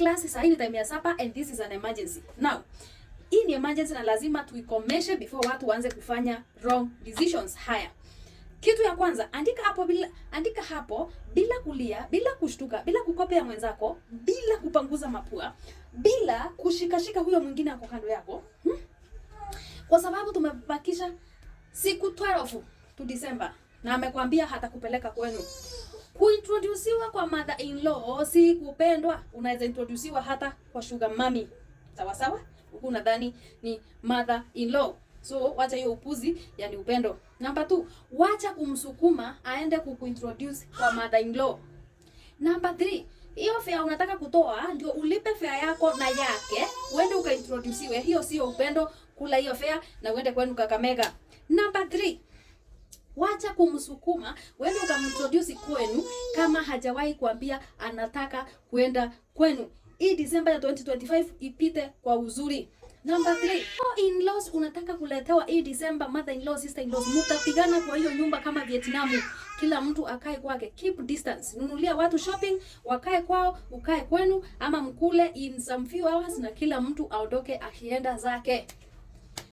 class sasa ni time ya supper and this is an emergency. Now, hii ni emergency na lazima tuikomeshe before watu waanze kufanya wrong decisions. Haya. Kitu ya kwanza, andika hapo bila andika hapo bila kulia, bila kushtuka, bila kukopea mwenzako, bila kupanguza mapua, bila kushikashika huyo mwingine ako kando yako. Hmm? Kwa sababu tumebakisha siku 12 tu December na amekwambia hatakupeleka kwenu. Kuintroduciwa kwa mother in law si kupendwa, unaweza introduciwa hata kwa sugar mommy. Sawa sawa? Huku nadhani ni mother in law. So wacha hiyo upuzi, yani upendo. Namba 2, wacha kumsukuma aende kukuintroduce kwa mother in law. Namba 3, hiyo fea unataka kutoa ndio ulipe fea yako na yake, uende ukaintroduciwe. Hiyo sio upendo, kula hiyo fea na uende kwenu Kakamega. Namba Wacha kumsukuma wende ukamintroduce kwenu, kama hajawahi kuambia anataka kwenda kwenu. Hii December ya 2025 ipite kwa uzuri. Number three, in-laws unataka kuletewa hii December, mother in law, sister in law, mtapigana kwa hiyo nyumba kama Vietnamu. Kila mtu akae kwake, keep distance. Nunulia watu shopping, wakae kwao, ukae kwenu, ama mkule in some few hours na kila mtu aondoke akienda zake.